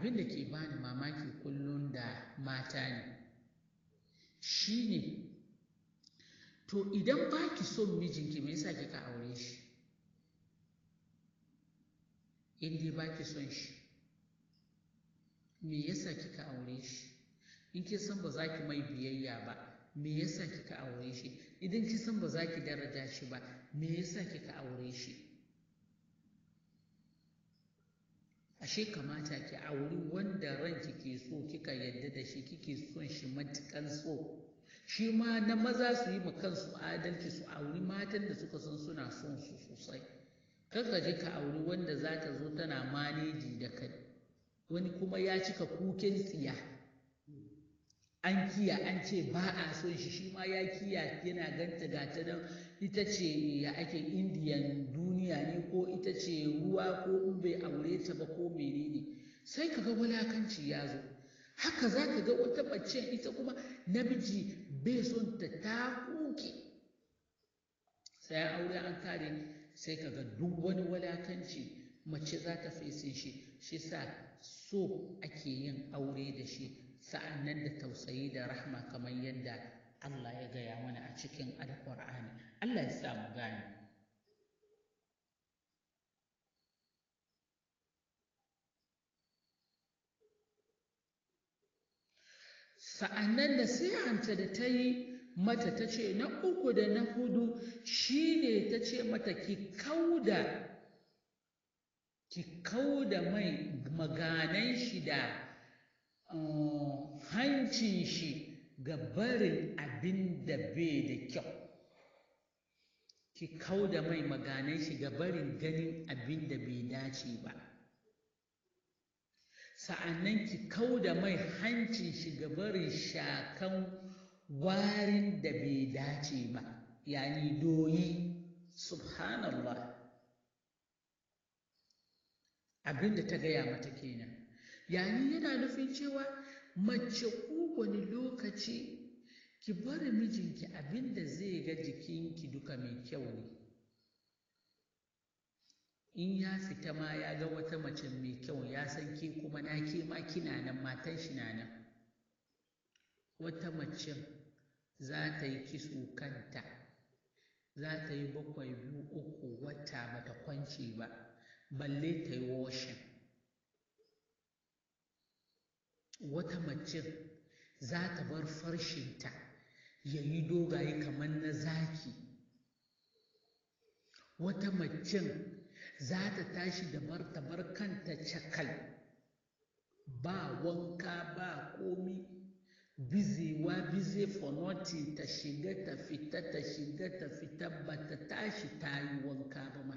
abin da ke bani mamaki kullum da mata ne shi ne to idan ba ki son mijinki me yasa kika aure shi inda ba ki son shi me yasa kika aure shi in kin san ba za ki mai biyayya ba me yasa kika aure shi idan kin san ba za ki daraja shi ba me yasa kika aure shi ashe kamata ki auri wanda ranki ke so kika yadda da shi kike son shi matukan so shi ma na maza su yi kansu adalci su auri matan da suka san suna son su sosai kanka je ka auri wanda za ta zo tana maneji da kai wani kuma ya cika kukin tsiya an kiya an ce ba a son shi shi ma ya kiya yana ganta ta nan ita ce ya ake indiyan duniya ne ko ita ce ruwa ko in bai aure ta ba ko menene sai kaga ga wulakanci ya zo haka za ka ga wata mace ita kuma namiji bai son ta ta kuke sai aure an kare sai kaga duk wani wulakanci mace za ta fesin shi shi sa so ake yin aure da shi sa'an nan da tausayi da rahma kamar yadda Allah ya gaya mana a cikin alƙur'ani Allah ya sa mu gane sa'annan nasihanta da ta yi mata ta ce na uku da na hudu ne ta ce mata ki kauda ki kauda mai maganan shi da uh, hancin shi ga barin abin da bai da kyau ki kau da mai maganin shi ga barin ganin abin da bai dace ba sa'annan ki kau da mai hancin shi ga barin shakan warin da bai dace ba yani doyi subhanallah abin da ta gaya mata kenan yani yana nufin cewa mace ku wani lokaci ki bari mijinki abinda zai ga jikinki duka mai kyau ne in ya fita ma ya ga wata mace mai kyau ya san ke kuma na ke ma kina nan matan shi na nan wata mace za ta yi kiso kanta za ta yi bakwai biyu uku wata bata kwance ba balle ta yi washin wata macin za ta bar farshinta ya yi dogaye kamar na zaki wata macin za ta tashi da bar kanta cakal ba wanka ba komi bizewa bize fonoti ta shiga ta fita ta shiga ta fita ba ta tashi ta yi wanka ba ma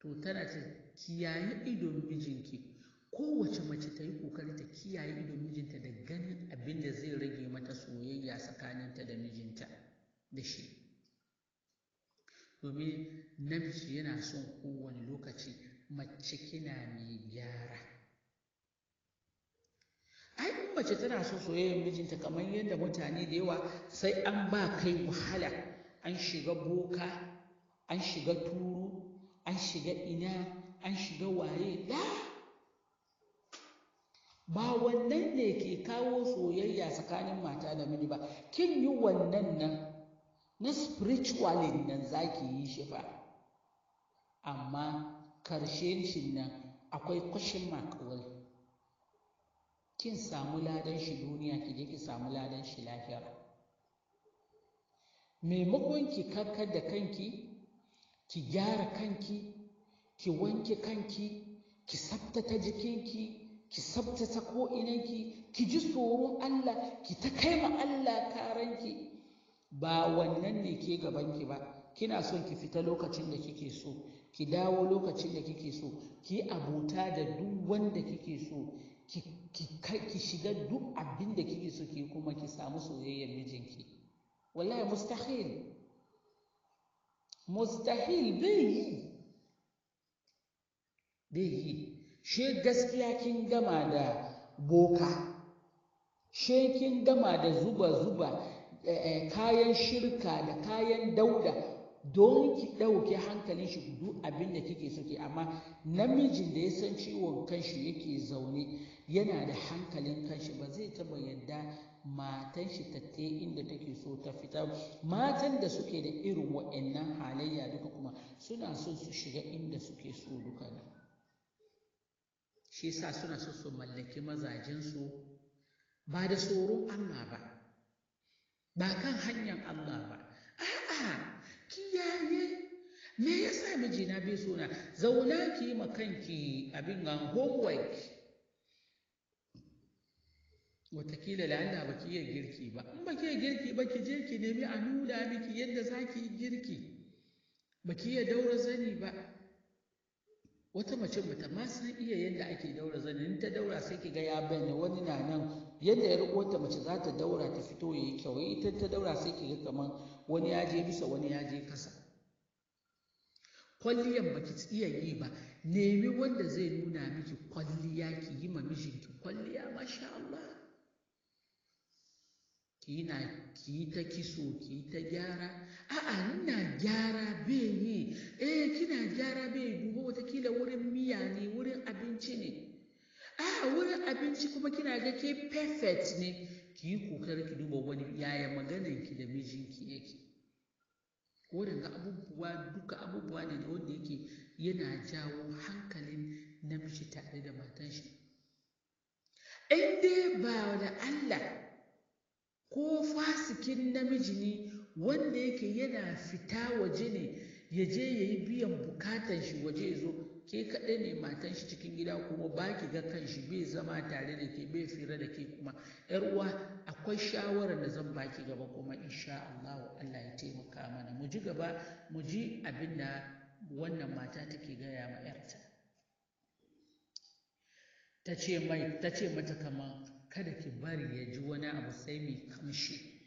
to tana ta kiyaye idon mijinki kowace mace ta yi yadda zai rage mata soyayya tsakaninta da mijinta da shi domin namiji yana son kowane lokaci mace kina mai gyara ai in mace tana son soyayyar mijinta kamar yadda mutane da yawa sai an ba kai wahala an shiga boka an shiga turu an shiga ina an shiga waye da ba wannan ne ke kawo soyayya tsakanin mata da miji ba kin yi wannan nan na spiritual nan zaki yi shi fa amma karshen shi nan akwai question mark wani kin samu ladan shi duniya ki je ki samu ladan shi lahira maimakon ki karkar da kanki ki gyara kanki ki wanke kanki ki tsabtata jikinki ki sabtata ko inanki ki ji tsoron Allah ki ta kai ma Allah karanki ba wannan ne ke gabanki ba kina son ki fita lokacin da kike so ki dawo lokacin da kike so ki abota da duk wanda kike so ki shiga duk abin da kike so ki kuma ki samu soyayyar mijinki wallahi mustahil mustahil bai yi bai yi she gaskiya kin gama da boka she kin gama da zuba-zuba eh, eh, kayan shirka da kayan dauda don ki ɗauke hankalin shi duk abinda kike so ke amma namijin da ya san ciwon kanshi yake zaune yana da hankalin kanshi ba zai taɓa yadda matan shi ta te inda take so ta fita matan da suke da irin wa'annan halayya duka kuma suna son su shiga inda suke so duka ne shi yasa suna so su mallaki mazajensu ba da tsoron Allah ba ba kan hanyar Allah ba a'a kiyaye me yasa mijina bai so na zauna ki yi kanki abin gan homework watakila la'alla ba ki iya girki ba in ba ki iya girki ba ki je ki nemi a nuna miki yadda za ki girki ba ki iya daura zani ba wata mace bata ma san iya yadda ake daura in ta daura sai ki ga ya bayyana wani na nan yadda ya riko ta mace za ta daura ta fito ya yi kyau ita ta daura sai ki ga kamar wani ya je bisa wani ya je kasa kwalliyan ba ki iya yi ba nemi wanda zai nuna miki kwalliya ki yi ma mijinki kwalliya masha Allah ki na ki ta kitso ki ta gyara a'a ina gyara bai yi eh kina gyara bai duba watakila wurin miya ne wurin abinci ne a wurin abinci kuma kina ga ke perfect ne ki yi kokarin ki duba wani yaya maganan ki da mijinki yake daga abubuwa duka abubuwa ne da wanda yake yana jawo hankalin namiji tare da matan shi in dai ba da ko fasikin namiji ne wanda yake yana fita waje ne ya je ya yi biyan bukatan shi waje ya zo ke kaɗai ne matan shi cikin gida kuma ba ki ga kan shi bai zama tare da ke bai fira da ke kuma yar uwa akwai shawarar da zan ba ki gaba kuma in insha Allah Allah ya taimaka mana mu ji gaba mu ji abin da wannan mata take gaya ma yarta ta ce ta ce mata kamar kada ki bari ya ji wani abu sai mai kamshi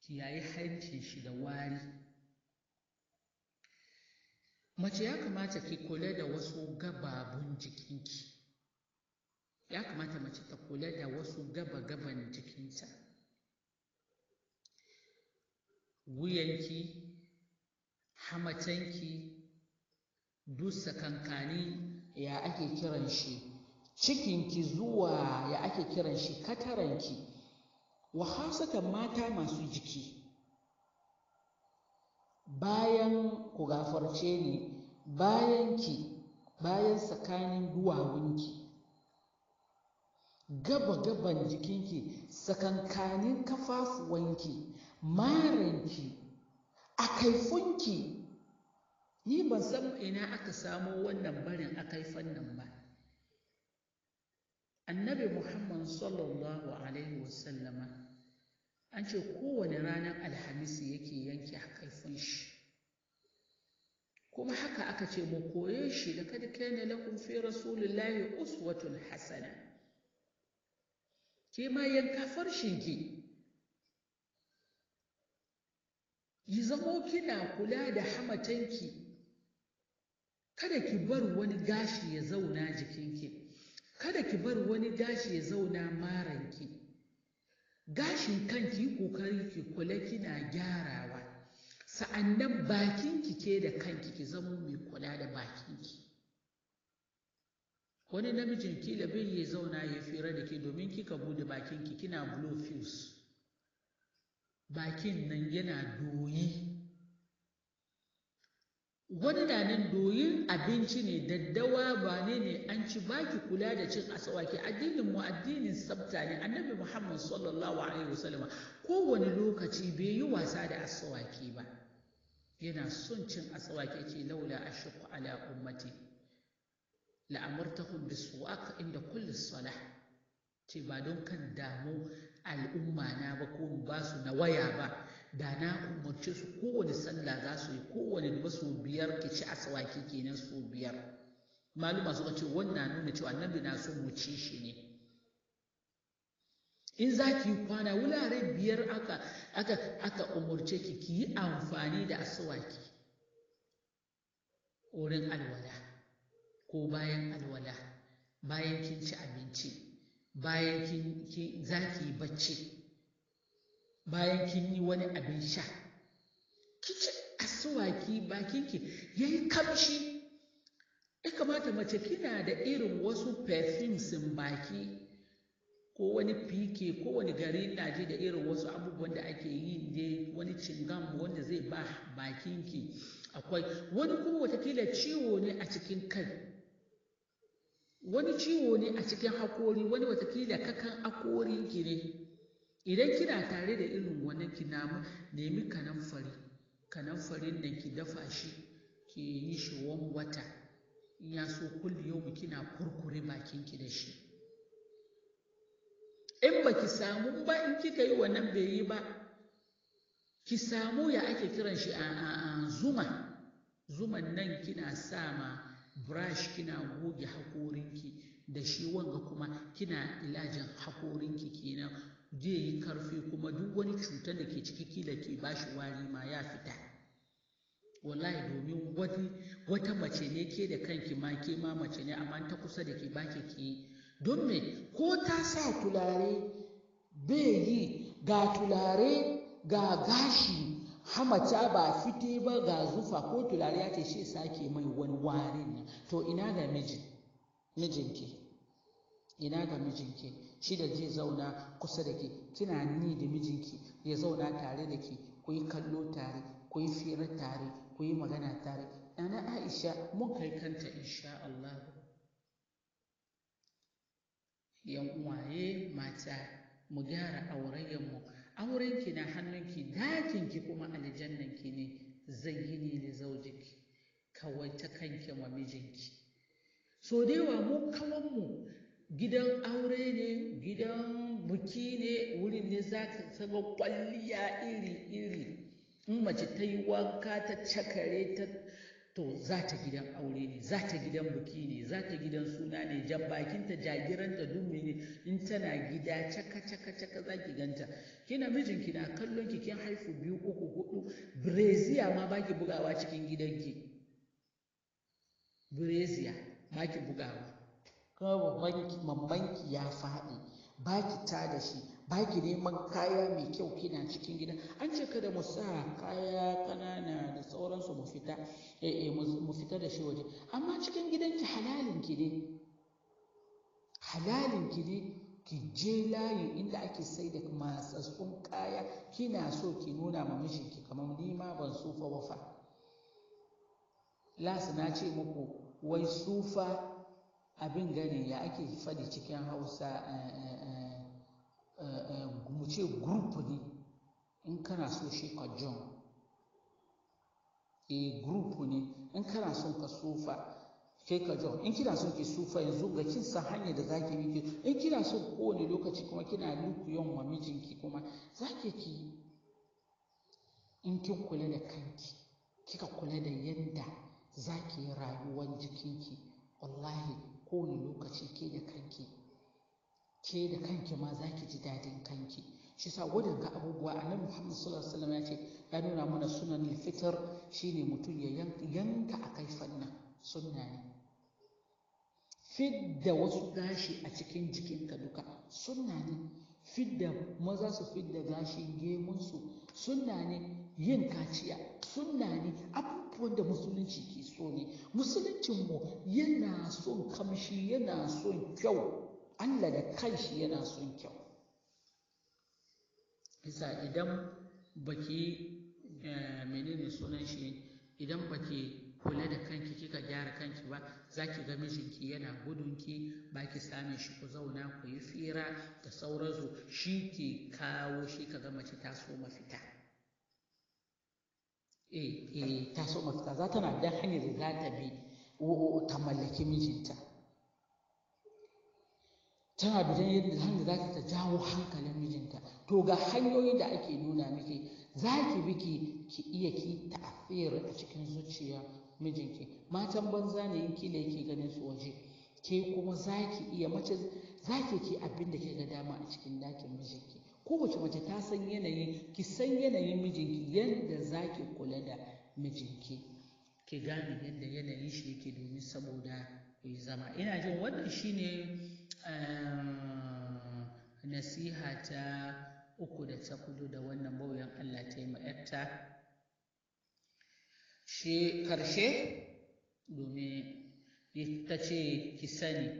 ki yayi hancin shi da wari mace ya kamata ki kula da wasu gababun jikinki ya kamata mace ta kula da wasu gaba-gaban jikinta wuyanki hamatanki dusa kankani ya ake kiran shi cikinki zuwa ya ake kiran shi kataranki wa hasatan mata masu jiki bayan ku gafarce ni bayan ki bayan tsakanin duwawunki gaba-gaban jikinki sakankanin kafafuwanki maranki a kaifunki ni ban san ina aka samo wannan barin a kaifan nan ba annabi muhammad sallallahu alaihi wasallama an ce kowane ranar alhamis yake yanke kaifin shi kuma haka aka ce mu koye shi da kada ne lakum fi rasulullahi uswatun hasana ke ma yanka ki. yi zamo kina kula da hamatanki kada ki bar wani gashi ya zauna jikinki kada ki bar wani gashi ya zauna maranki gashin kan kanki kokari ki kula kina gyarawa sa'annan bakinki ke da kanki ki zamo mai kula da bakinki wani namijin kila bai ya zauna ya fira da ke domin kika bude bakinki kina blue fuse bakin nan yana doyi wani nan doyin abinci ne daddawa ba ne ne an ci baki kula da cin asawaki addinin mu addinin sabta ne annabi muhammad sallallahu alaihi wasallama kowane lokaci bai yi wasa da asawaki ba yana son cin asawaki ce laula ashqu ala ummati la amartahum bisuwak inda kulli salah ce ba don kan damu al'umma na ba ko ba su na waya ba da na umarce su kowane sallah za su yi kowane maso biyar ki ci asawaki kenan su biyar maluma suka ce wannan nuna cewa annabi na so mu ci shi ne in za ki kwana wulare biyar aka aka umarce ki ki yi amfani da asawaki wurin alwala ko bayan alwala bayan kin ci abinci bayan kin za ki yi bacci bayan kin yi wani abin sha kici asuwaki bakinki ya yi kamshi ya kamata mace kina da irin wasu perfumes baki ko wani pk ko wani gari na ji da irin wasu abubuwan da ake yi ne wani cingam wanda zai ba bakinki akwai wani kuma watakila ciwo ne a cikin kai wani ciwo ne a cikin hakori wani watakila kakan ki ne idan kina tare da irin wannan ki nemi kanamfari kanamfarin nan ki dafa shi ki yi shi wan wata in ya so kulli yau kina kurkure bakin ki da shi in ba ki samu ba in kika yi wannan bai yi ba ki samu ya ake kiran shi a zuma zuman nan kina sa ma brush kina goge hakorinki da shi wanga kuma kina ilajin hakorinki kenan zai yi karfi kuma duk wani cutar da ke ciki kila ke bashi wari ma ya fita wallahi domin wani wata mace ne ke da kanki ma ke ma mace ne amma ta kusa da ke baki ke don me ko ta sa tulare bai yi ga tulare ga gashi hamata ba fite ba ga zufa ko tulare ya ce shi sake mai wani warin to ina ga mijin mijinki ina ga mijinki shi da zai zauna kusa da ke kina ni da mijinki ya zauna tare da ke ku yi kallo tare ku yi fira tare ku yi magana tare ɗana aisha mun kai kanta insha Allah yan uwaye mata mu gyara auren aurenki na hannunki dakinki kuma aljannanki ne ne da zaujiki kawai ta kanki ma mijinki so da yawa mu kawanmu gidan aure ne gidan buki ne wurin ne za ka saba kwalliya iri-iri in mace ta yi wanka ta cakare ta to za ta gidan aure ne za ta gidan buki ne za ta gidan suna ne jan bakinta jagiranta dumi ne in tana gida caka caka caka za ki ganta kina mijinki na kallon ki kin haifu biyu uku hudu breziya ma baki bugawa cikin gidanki breziya ki bugawa kuma mambanki ya faɗi ba ki ta da shi ba ki neman kaya mai kyau kina cikin gida an ce kada mu sa kaya ƙanana da sauransu mu fita eh, eh, mu fita da shi waje amma cikin ki halalin ki ne halalin ki ne ki je layi inda ake sai da matsatsun kaya kina so ki nuna ma ki kamar nima ma ban sufa wafa lasu na ce muku wai sufa abin gani ya ake faɗi cikin hausa eh, eh, eh, mu ce group ne in kana so shi john e group ne in kana son ka sufa kai ka jon, in kina son ki sufa yanzu ga kin san hanyar da zaki yi ki in kina son kowane lokaci kuma kina lukuyon mijinki kuma zaki ki in kin kula da kanki kika kula da yadda zaki yi rayuwar jikinki wallahi kowane lokaci ke da kanki ke da kanki ma za ki ji daɗin kanki shi sa ga abubuwa annabi muhammad sallallahu alaihi wasallam ya ce ya nuna mana sunan fitar shine mutum ya yanka a kai fanna sunna ne fidda wasu gashi a cikin jikinka duka sunna ne fidda maza su fidda gashin gemunsu sunna ne yin kaciya sunna ne abubuwan da musulunci ke so ne musuluncinmu yana son kamshi yana son kyau allah da kanshi yana son kyau isa idan baki eh, menene sunan shi idan baki kula da kanki kika gyara kanki ba za ki ga mijinki yana gudunki ba ki same shi ku zauna ku yi fira da sauransu shi ke kawo shi ka ga mace ta so mafita eh eh ta so mafita za tana da hanyar da za ta bi ta mallaki mijinta tana bidan yadda hanyar za ta jawo hankalin mijinta to ga hanyoyi da ake nuna miki za ki biki ki iya ki ta'affir a cikin zuciya mijinki matan banza ne yin kila yake ganin su waje ke kuma za ki iya mace za ki ki abin da ke ga dama a cikin dakin mijinki kowace mace ta san yanayin ki san yanayin mijinki yadda za ki kula da mijinki ki gane yadda yanayin shi yake domin saboda ya zama ina jin wannan shine eh, nasiha ta uku da ta kudu da wannan bauyan Allah ta yi ma'yarta shi karshe domin ta ce ki sani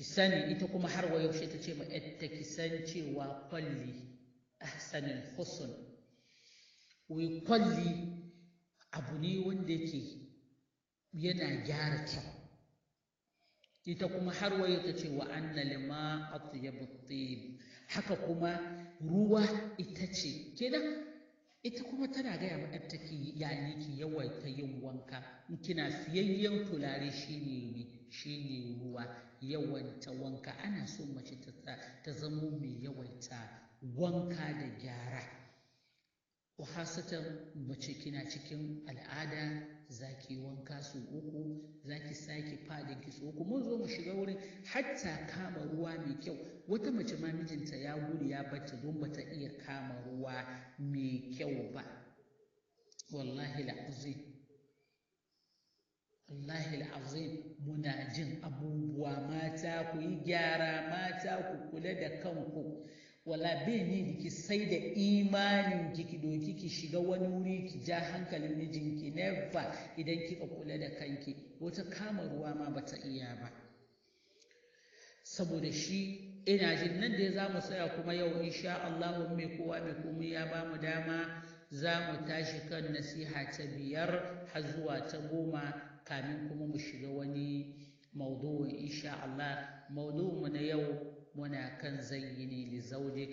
ki sani ita kuma har wa yaushe ta ce ma ki san cewa kwalli ahsanul husn wai kwalli abu ne wanda yake yana gyara kyau ita kuma har waye ta ce wa anna lima atyabu haka kuma ruwa ita ce kenan ita kuma tana gaya ma ɗan take ki yawaita yin wanka in kina siyayyen tulare shine shine ruwa yawaita wanka ana so mace ta zamo mai yawaita wanka da gyara hasatan mace kina cikin al'ada zaki ki wanka su uku zaki sake fadin ki su uku mun zo mu shiga wurin hatta kama ruwa mai kyau wata mace ma mijinta ya gudu ya bata don bata iya kama ruwa mai kyau ba wallahi la'azim wallahi azim muna jin abubuwa mata ku yi gyara mata ku kula da kanku wala bai yi ki sai da imanin ki ki doki ki shiga wani wuri ki ja hankalin mijinki never idan kika kula da kanki wata kama ruwa ma bata iya ba saboda shi ina jin nan dai za mu tsaya kuma yau insha Allah mai kowa mai komai ya ba mu dama za mu tashi kan nasiha ta biyar har zuwa ta goma kamin kuma mu shiga wani maudu'in insha Allah mu na yau wana kan ne li zaujik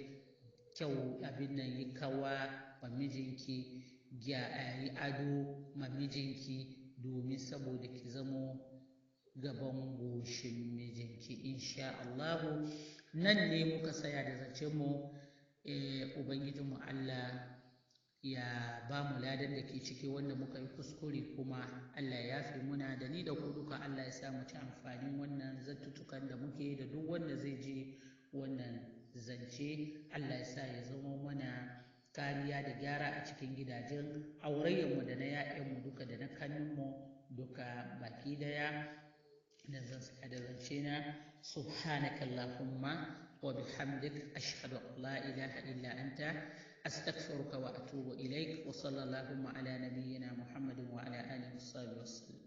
kyau abin nan yi kawa ma mijinki ya yi ado ma mijinki domin saboda ki zamo gaban goshin mijinki insha Allahu nan ne muka saya da zance mu eh, ubangijinmu Allah ya ba mu ladan da ke ciki wanda muka yi kuskure kuma Allah ya sa mu ci amfanin wannan zattutukan da muke da duk wanda zai je wannan zance Allah ya sa ya zama mana kariya da gyara a cikin gidajen aurayen mu da na mu duka da na mu duka baki daya da zance na subhanaka allahumma wa bihamdik ashhadu an la ilaha illa anta استغفرك واتوب اليك وصلى wa على نبينا محمد وعلى اله وصحبه وسلم